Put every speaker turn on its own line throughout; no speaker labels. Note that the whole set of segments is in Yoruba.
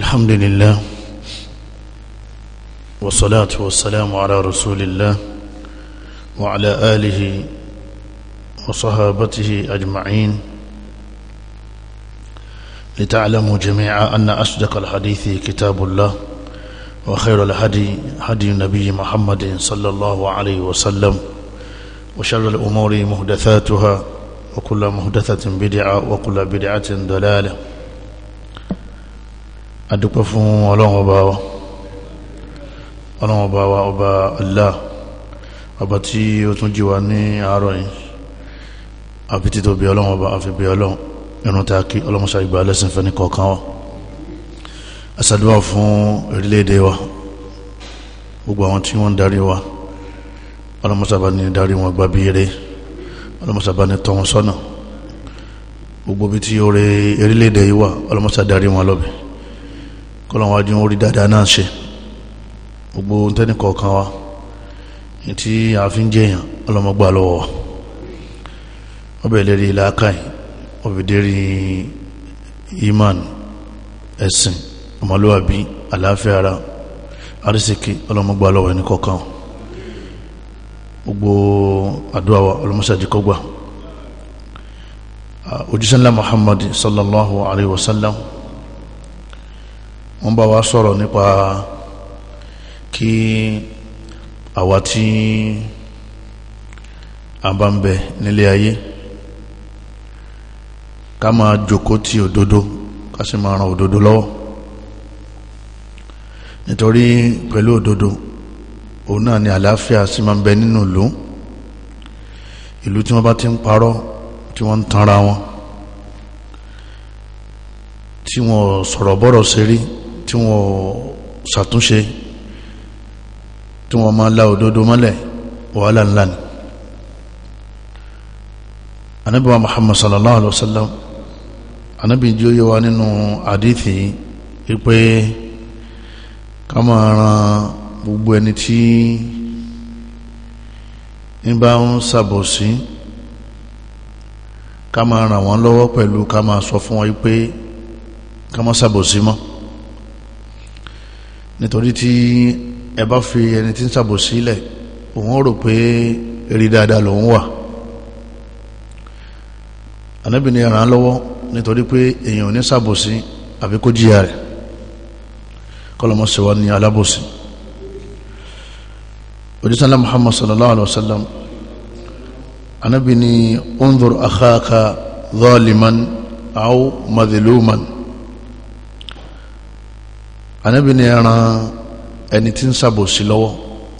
الحمد لله والصلاة والسلام على رسول الله وعلى آله وصحابته أجمعين لتعلموا جميعا أن أصدق الحديث كتاب الله وخير الهدي هدي النبي محمد صلى الله عليه وسلم وشر الأمور مهدثاتها وكل مهدثة بدعة وكل بدعة ضلالة adúpẹ́ fún ọlọ́run ọba wa ọlọ́run ọba wa ọba Allah ọba tí ó tún jíwa ní àárọ̀ yìí àbí títóbi ọlọ́run ọba àfibí ọlọ́run ẹnu tí a kí ọlọ́mọṣà ìgbà lẹ́sìn fẹ́ ní kọ̀ọ̀kan wa asàdúrà fún orílẹ̀-èdè wa gbogbo àwọn tí wọ́n ń darí wa ọlọ́mọṣà bá ní darí wọn gba bí eré ọlọ́mọṣà bá ní tọ́ wọn sọ́nà gbogbo bí tí orí orílẹ̀-èdè yìí wà ọlọ́mọṣà darí wọn lọ́bẹ̀ẹ́ kọ́lọ́wọ́n adé orí dáadáa náà ṣe gbogbo tẹ́nì kọ̀ọ̀kan wa ní tí a fi ń jẹyàn ọlọ́mọgbà lọ́wọ́ wa ọbẹ̀ lérí làákàì ọbẹ̀ lérí iman ẹ̀sìn ọmọlúwàbí àlàáfíà ara arísìkí ọlọ́mọgbà lọ́wọ́ ẹni kọ̀ọ̀kan gbogbo àdúrà wa ọlọ́mọṣàjì kọ́gbà ojúṣẹ́ńlá Muhammad sallallahu alayhi wa sallam wọ́n bá wa sọ̀rọ̀ nípa kí àwa tí a bá ń bẹ nílé ayé ká máa jókòó ti òdodo ká sì máa ran òdodo lọ́wọ́ nítorí pẹ̀lú òdodo òun náà ni àlàáfíà sì máa ń bẹ nínú ìlú ìlú tí wọ́n bá ti ń parọ́ tí wọ́n ń tanra wọn tí wọ́n sọ̀rọ̀ bọ́rọ̀ ṣe rí tí wọ́n ṣàtúnṣe tí wọ́n máa lá òdodo mọ́lẹ̀ wàhálà ńlá ni anábì muhammad sallallahu alaihi wasallam anábì jí ó yẹ wa nínú àdíthì wípé ká máa ran gbogbo ẹni tí ń bá ń ṣàbòsí ká máa ràn wọ́n lọ́wọ́ pẹ̀lú ká máa sọ fún wọn wípé ká máa ṣàbòsí mọ́ nítorí tí ẹ bá fi ẹni tí ń sàbò sílẹ̀ òun rò pé eré dáadáa lòun wà anábì ni ràn án lọ́wọ́ nítorí pé èèyàn ò ní sàbòsí àbí kó jìyà rẹ̀ kọlọmọ sèwà ní alábòsí òjísànlá muhammad sallallahu alaihi wasallam anábì ni unzur akhaka zaliman aw madhluman anabi ni ẹran ẹni tí ń ṣàbòsí lọ́wọ́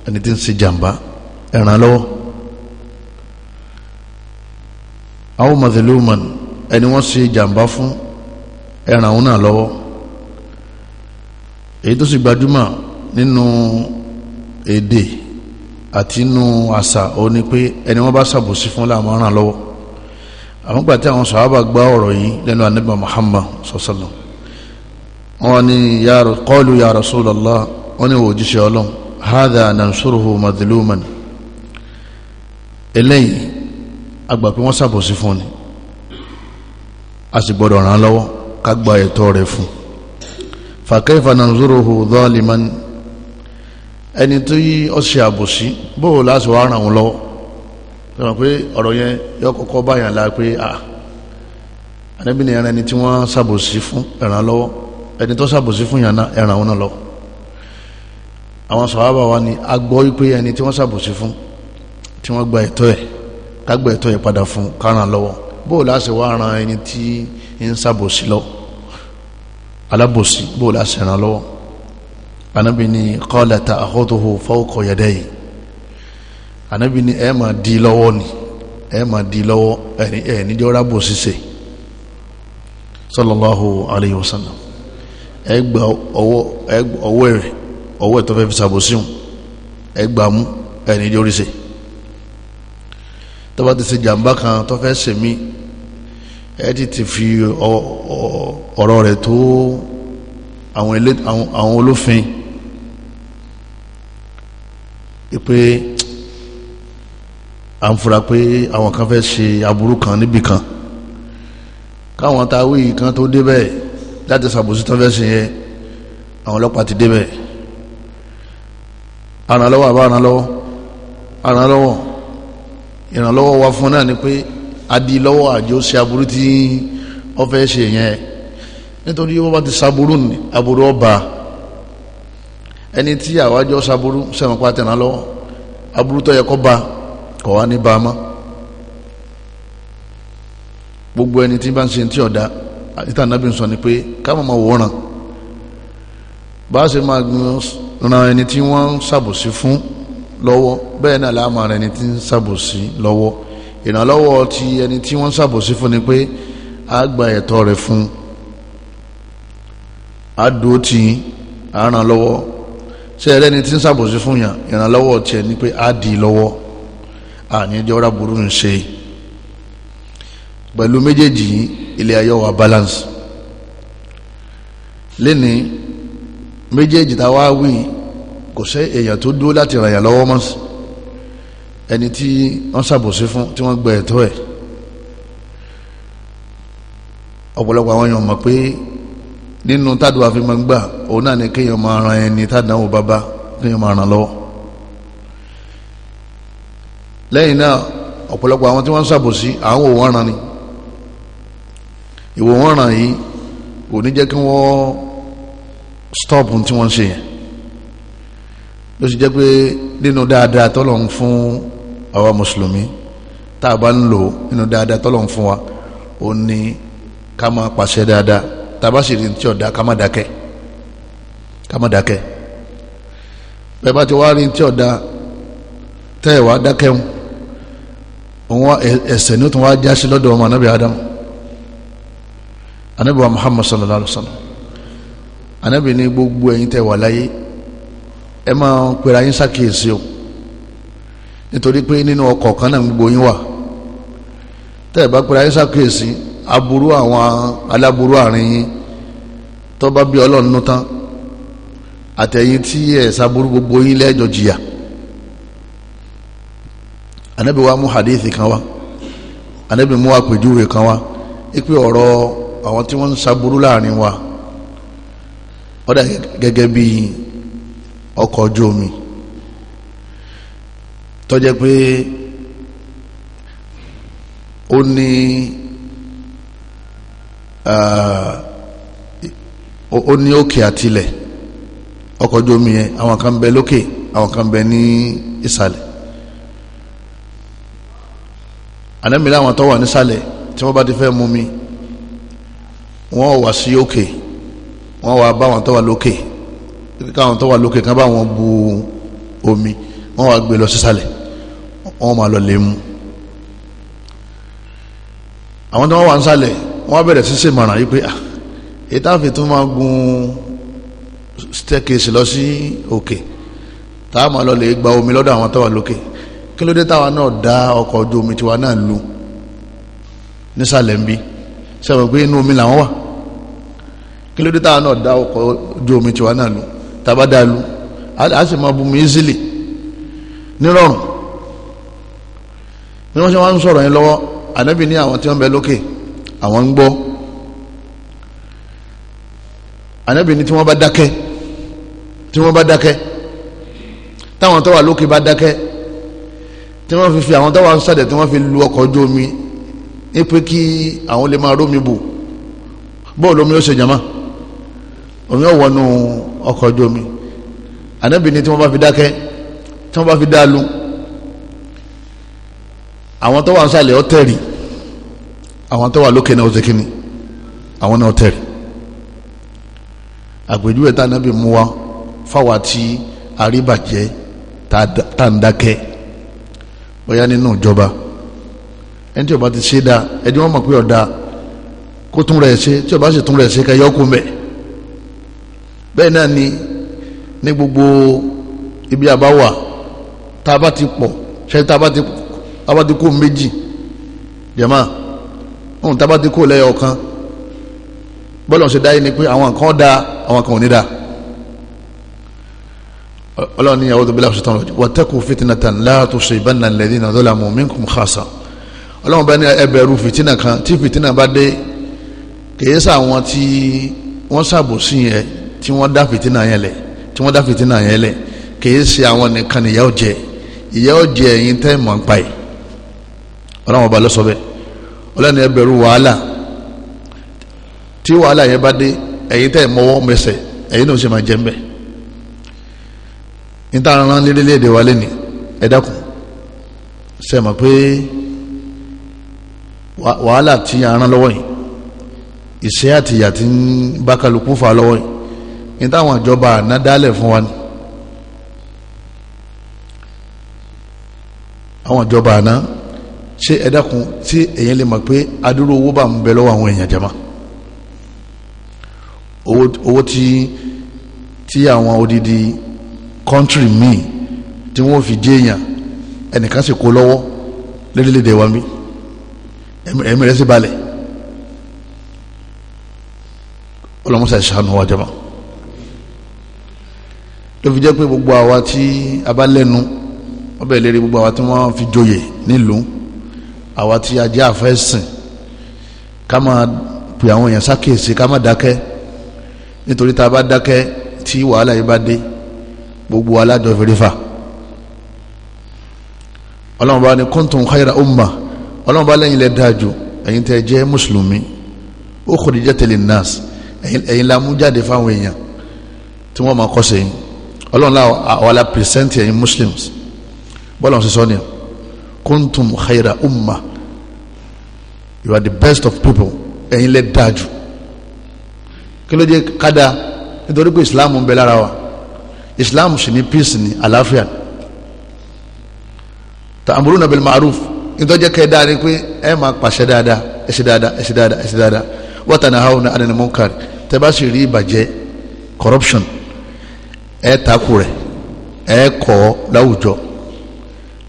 ẹni tí ń ṣe jàǹbá ẹran lọ́wọ́ àwọn madhuluman ẹni wọ́n ṣe jàǹbá fún ẹran òun náà lọ́wọ́ èyí tó sì gbajúmọ̀ nínú èdè àti nínú àṣà ó ní pé ẹni wọ́n bá ṣàbòsí fún láàmú ràn lọ́wọ́ àwọn gbà tí àwọn sàhábà gbà ọ̀rọ̀ yìí lẹ́nu anabi muhammad sallallahu alaihi wọ́n ni kọlu ya Rasulullah wọ́n òjíṣẹ́ nansuruhu eléyìí wọ́n fún ni a sì gbọ́dọ̀ ràn án lọ́wọ́ ká gba ẹ̀tọ́ rẹ̀ fún fa nansuruhu zaliman ẹni tó yí ọ̀sẹ̀ àbòsí bóò láti wá ràn wọ́n lọ́wọ́ sọ̀rọ̀ pé ọ̀rọ̀ yẹn yọ kọ́kọ́ báyàn la pé à ah, ànábìnrin ẹran ẹni tí wọ́n fún ẹ̀ràn lọ́wọ́ ẹni tó sàbòsí fún yànnà ẹ̀ràn wọn lọ àwọn sàhábà wa ni a gbọ́ wípé ẹni tí wọ́n sàbòsí fún tí wọ́n gba ẹ̀tọ́ ẹ̀ kágbà ẹ̀tọ́ ẹ̀ padà fún káràn lọ́wọ́ bóò láṣẹ wá ran ẹni tí ń sàbòsí lọ alábòsí bóò láṣẹ ràn lọ́wọ́ anábì ni qala ta'khudhuhu fawqa yadayhi anábì ni ẹ máa di lọ́wọ́ ni ẹ máa di lọ́wọ́ ẹ̀ níjọ́ rábòsí ṣe sallallahu alayhi wa ẹgbà ọwọ́ ọwọ́ rẹ̀ ọwọ́ ẹ̀ tó fẹ́ fi sàbò síhùn ẹgbà mú ẹni jórí se tó bá ti ṣe jàǹbá kan tó fẹ́ ṣe mí ẹ ti ti fi ọ̀rọ̀ rẹ̀ tó àwọn olófin pé à ń fura pé àwọn kan fẹ́ ṣe aburú kan níbì kan káwọn táwí kan tó débẹ̀ láti ṣàbòsí tó fẹ́ ṣe yẹn àwọn ọlọ́pàá ti débẹ̀ aranlọ́wọ́ àbá aranlọ́wọ́ aranlọ́wọ́ ìrànlọ́wọ́ wa fún náà ni pé adi lọ́wọ́ àjò ṣe aburú tí wọ́n fẹ́ ṣe yẹn nítorí wọ́n bá ti ṣaburú ni aburú ọba ẹni tí àwájọ sẹ́wọ̀n pa tẹ̀ràn lọ́wọ́ aburú tó yẹ ba ní ba mọ́ gbogbo ẹni tí bá ń ṣe ti ọ̀dà ìta nàbí sọ ni pé ká máa wòran bá a ṣe máa ran ẹni tí wọ́n ń ṣàbòsí fún lọ́wọ́ bẹ́ẹ̀ náà láà máa ran ẹni tí ń ṣàbòsí lọ́wọ́ ìrànlọ́wọ́ ti ẹni tí wọ́n ń ṣàbòsí fún ni pé a gba ẹ̀tọ́ rẹ̀ fún a dúró ti a ràn lọ́wọ́ ṣé ẹlẹ́ni tí ń ṣàbòsí fún yàn ìrànlọ́wọ́ tiẹ̀ ni pé a dì í lọ́wọ́ àníjọ́ra burú ń ṣe é pẹ̀lú méjèèjì yìí ilé ayé wa balance lẹ́ni méjèèjì tá a wá wí kò sẹ́ èèyàn tó dúró láti ràn yàn lọ́wọ́ mọ́ sí ẹni tí wọ́n ṣàbòsí fún tí wọ́n gba ẹ̀tọ́ ẹ̀ ọ̀pọ̀lọpọ̀ àwọn èèyàn mọ̀ pé nínú tádùn àfi gbà òun náà ni kéèyàn máa ran ẹni tádàwọ̀ bàbá kéèyàn máa ràn lọ́wọ́ lẹ́yìn náà ọ̀pọ̀lọpọ̀ àwọn tí wọ́n ṣàbòsí àwọn òun ọ̀ràn ni ìwò wọn ràn yìí kò ní jẹ́ kí wọ́n stop tí wọ́n ṣe yẹn ló sì jẹ́ pé nínú dáadáa tọ́lọ̀ ń fún àwa mùsùlùmí tá a bá ń lò nínú dáadáa tọ́lọ̀ ń fún wa ó ní ká máa pàṣẹ dáadáa tá a bá sì rí tí ọ̀dá ká má dákẹ́ ká má dákẹ́ bẹ́ẹ̀ bá ti wá rí tí ọ̀dá tẹ́ ẹ̀ wá dákẹ́ wọn ẹ̀ṣẹ̀ ní ó tún wá já lọ́dọ̀ ọmọ anábì ádámù anabi wa muhammad sallallahu alaihi wa sallam anabi ní gbogbo ẹ̀yin tẹ́ wà láyé ẹ máa pera yín ṣàkíyèsí o nítorí pé nínú ọkọ̀ kan náà gbogbo yín wà tẹ́ ẹ bá pera yín ṣàkíyèsí aburú àwọn aláburú àárín yín tó bá bí ọlọ́run nú tán àtẹ̀yìn tí ẹ̀ sáburú gbogbo yín lẹ́jọ́ jìyà anabi wa mú hadithi kan wá anabi mú àpèjúwe kan wá ipe ọ̀rọ̀ àwọn tí wọ́n ń saburú láàrin wa ó dà gẹ́gẹ́ bí ọkọ̀ ojú omi tó jẹ́ pé ó ní ó ní òkè àtilẹ̀ ọkọ̀ ojú omi yẹn àwọn kan bẹ lókè àwọn kan bẹ ní ìsàlẹ̀ ànẹ́mìíràn àwọn tó nísàlẹ̀ tí wọ́n bá ti fẹ́ mú mi wọ́n wá sí òkè wọ́n wá bá wọn tó wà lókè káwọn tó wà lókè kan bá bu omi wọ́n wá gbé lọ sísàlẹ̀ wọ́n máa lọ lè mu àwọn tó wọ́n wà nísàlẹ̀ wọ́n bẹ̀rẹ̀ sí sèmọ̀ràn yìí pé ah èyí táwọn fi tún máa gun staircase lọ sí òkè táwọn máa lọ lè gba omi lọ́dọ̀ àwọn tó wà lókè kí ló dé táwa náà dá ọkọ̀ ojú omi tiwa náà lu nísàlẹ̀ ń bí sẹ́wọ̀n pé inú omi làwọn wà kí ló dé táwọn náà dá ọkọ̀ ojú omi tiwa náà lu tàbá dá lu a sì máa bumi easily nírọ̀rùn bí wọ́n ṣe wá ń sọ̀rọ̀ yẹn lọ́wọ́ ànábì ní àwọn tí wọ́n bẹ lókè àwọn ń gbọ́ ànábì ní tí wọ́n bá dákẹ́ tí wọ́n bá dákẹ́ táwọn tó wà lókè bá dákẹ́ tí wọ́n fi fi àwọn tó wà sàdẹ̀ tí wọ́n fi lu ọkọ̀ ojú omi ní pé kí àwọn lè máa rómi bù bọ́ọ̀lù omi ó ṣe jama omi ó wọnú ọkọ̀ ojú omi ànábì ni tí wọ́n bá fi dákẹ́ tí wọ́n bá fi dá lu àwọn tó wà nísàlẹ̀ ó tẹ̀rì àwọn tó wà lókè náà ó ṣe kíni àwọn náà ó àpèjúwe tá ànábì mú wa fáwa tí àríbàjẹ́ tá à ń dákẹ́ bóyá nínú ìjọba. No ẹni tí ó bá ti ṣe dáa ẹni wọ́n mọ̀ pé ọ̀dà kó tún rẹ̀ ṣe tí ó bá sì tún rẹ̀ ṣe ká yọkùn bẹ̀ bẹ́ẹ̀ náà ni ní gbogbo ibi àbáwà tá a bá ti pọ̀ ṣe tá a bá ti kó méjì jẹ̀má ohun tá a bá ti kó lẹ́yọ̀ kan bọ́lá ṣe dáyé ni pé àwọn kan dáa àwọn kan ò ní dáa ọlọ́run ní àwọn tó bí láti ṣe tán lọ wọ́n tẹ́kù fitinatan la tusibanna alladhina zalamu minkum khassa ọlọ́run bá ní ẹbẹ̀rù fìtínà kan tí fìtínà bá dé kìí sàwọn tí wọ́n ṣàbòsí yẹn tí wọ́n dá fìtínà yẹn lẹ̀ tí wọ́n dá fìtínà yẹn lẹ̀ kìí ṣe àwọn nìkan ìyà ó jẹ ìyà ó jẹ ẹ̀yin tẹ́ mọ̀ ń pa ẹ̀ ọlọ́run ọba ló sọ bẹ́ẹ̀ ọlọ́run ní ẹbẹ̀rù wàhálà tí wàhálà yẹn bá dé ẹ̀yin tẹ́ mọ́wọ́ mẹsẹ̀ ẹ̀yin náà ṣe máa wàhálà tí a rán lọ́wọ́ yìí ìṣẹ́ àtìyà tí ń bá kálukú fà lọ́wọ́ yìí ní táwọn ìjọba àná dálẹ̀ fún wa ni àwọn ìjọba àná ṣé ẹ dákun tí èyàn lè mọ̀ pé adúrú owó bá ń bẹ lọ́wọ́ àwọn èèyàn jẹ́mọ́ owó tí tí àwọn odidi kọ́ńtírì míì tí wọ́n fi jẹ́ èèyàn ẹnìkan sì kó lọ́wọ́ lórílẹ̀‐èdè wa míì ẹ̀mí rẹ̀ sì balẹ̀ ọlọ́mọsà ìṣàánú wa jama ló fi jẹ́ pé gbogbo àwa tí a bá lẹ́nu wọ́n bẹ̀rẹ̀ lérí gbogbo àwa tí wọ́n fi joyè nílùú àwa tí a jẹ́ àfẹ́sìn ká máa pè àwọn èèyàn sákèsí ká má dákẹ́ nítorí tá a bá dákẹ́ tí wàhálà yìí bá dé gbogbo alájọ fèrèfà ọlọ́run bá ní kuntum khayra umma ọlọ́run bá lẹ́yìn lẹ́ dáa jù ẹ̀yin tẹ́ jẹ́ mùsùlùmí ó kòdìjẹ́ tẹ̀lé nas ẹ̀yin la mú jáde fáwọn èèyàn tí wọ́n máa kọ́ sí yín ọlọ́run la àwọn la pìrìsẹ́ǹtì ẹ̀yin muslims bọ́lá wọn sì sọ nìyẹn kuntum khayra umma you are the best of people ẹ̀yin lẹ́ dáa jù kí ló dé kádà nítorí pé islam ń bẹ lára wa islam sì ní peace ní àlàáfíà ta'muruna bil ma'ruf nítọ́jẹ́ kẹ́ dáa ni pé ẹ máa pàṣẹ dáadáa ẹ ṣe dáadáa ẹ dáadáa ẹ ṣe dáadáa wa tanahawna 'anil munkar bá sì rí ìbàjẹ́ corruption ẹ takù rẹ̀ ẹ kọ́ láwùjọ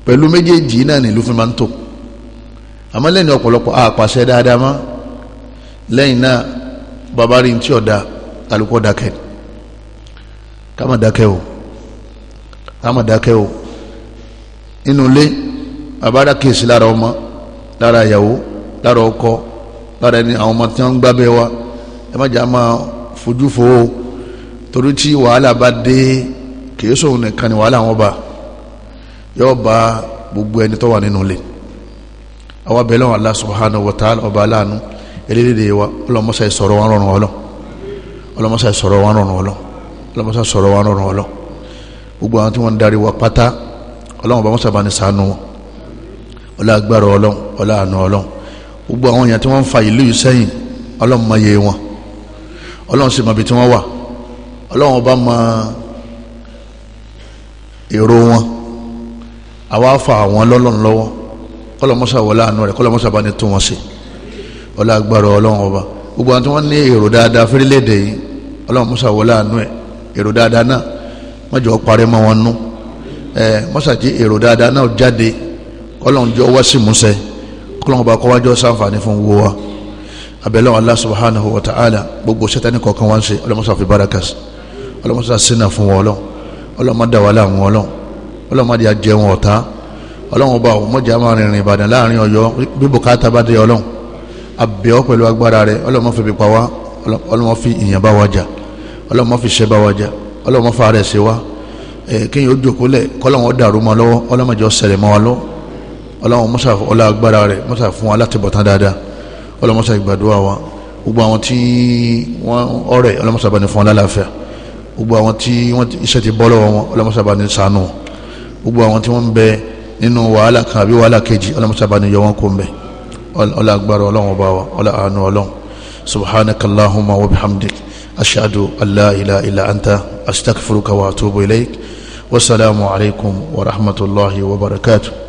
pẹ̀lú méjèèjì náà nílùú fi máa ń tò àmọ́ lẹ́yìn ọ̀pọ̀lọpọ̀ àpàṣẹ dáadáa mọ́ lẹ́yìn náà bàbá rí tí ọ̀dà kálukọ́ dákẹ́ ká má dákẹ́ o ká má dákẹ́ o inú ilé abada rà kéèsì lára ọmọ lára ìyàwó lára ọkọ lára ẹni àwọn ọmọ tí wọn ń gbábẹ wa ẹ má jà máa fojú fo o torí tí wàhálà bá dé kìí sóhun nìkan ni wàhálà wọn bá gbogbo ẹni tó wà nínú ilé àwọn abẹ́lẹ́ wọn Allah subhanahu wa ta'ala ọba nu, elédèdè wa ọlọmọsà ìsọ̀rọ̀ wọn rọrùn ọlọ ọlọmọsà ìsọ̀rọ̀ wọn rọrùn ọlọ ọlọmọsà ìsọ̀rọ̀ wọn rọrùn ọlọ gbogbo àwọn tí wọn ń darí wa pátá ọlọmọba mọ́sàbá ní ṣàánú wọn ọlá agbára ọlọ́run ọlá àna ọlọ́run gbogbo àwọn èèyàn tí wọ́n ń fa ìlú yìí sẹ́yìn ọlọ́run mọ iye wọn ọlọ́run sì mọ ibi tí wọ́n wà ọlọ́run ọba mọ èrò wọn àwa fa àwọn lọ́lọ́run lọ́wọ́ kọlọmọsà wọlé àánú rẹ kọlọmọsà bá ní tún wọn sí ọlá agbára ọlọ́run ọba gbogbo àwọn tí wọ́n ní èrò dáadáa fẹ́rẹ́lẹ́dẹ̀ yìí ọlọ́run mọ́sà wọlé àánú èrò dáadáa náà kọ́lọ́n jọ wá sí musẹ́ kọ́lọ́n bá kọ́wájọ́ sáǹfààní fún wo wa abẹ́lẹ́ Allah subhanahu wa ta'ala gbogbo sẹ́tẹ́ni kọ̀ọ̀kan wá ń ṣe ọlọ́mọsá fi barakas ọlọ́mọsá sínà fún wọn lọ ọlọ́mọdé wàhálà wọn lọ ọlọ́mọdé ajẹ́ wọn ọ̀tá ọlọ́wọ́n bá wọn mọ̀jà máa rìnrìn Ìbàdàn láàrin Ọ̀yọ́ bí bùkátà bá dé Ọlọ́run àbẹ̀wò pẹ̀lú agbára rẹ ọlọ́mọ fi bí pa wá ọlọ́mọ fi ìyàn bá wa jà ọlọ́run mọ́sà ọlá agbára rẹ̀ mọ́sà fún wa láti bọ̀tán dáadáa ọlọ́run mọ́sà ìgbàdúrà wa gbogbo àwọn tí wọ́n ọ̀rẹ́ ọlọ́run mọ́sà bá ní fún wọn lálàáfíà gbogbo àwọn tí wọ́n iṣẹ́ ti bọ́ lọ́wọ́ wọn ọlọ́run mọ́sà bá ní ṣàánú wọn gbogbo àwọn tí wọ́n ń bẹ nínú wàhálà kan àbí wàhálà kejì ọlọ́run mọ́sà bá ní yọ wọn kó ń bẹ ọlá agbára ọlọ́run ọba wa ọlá àánú ọlọ́run subhanaka allahumma wa bihamdik ashhadu an la ilaha anta astaghfiruka wa atubu ilaik wasalaamu alaykum wa rahmatulahi wa barakatuh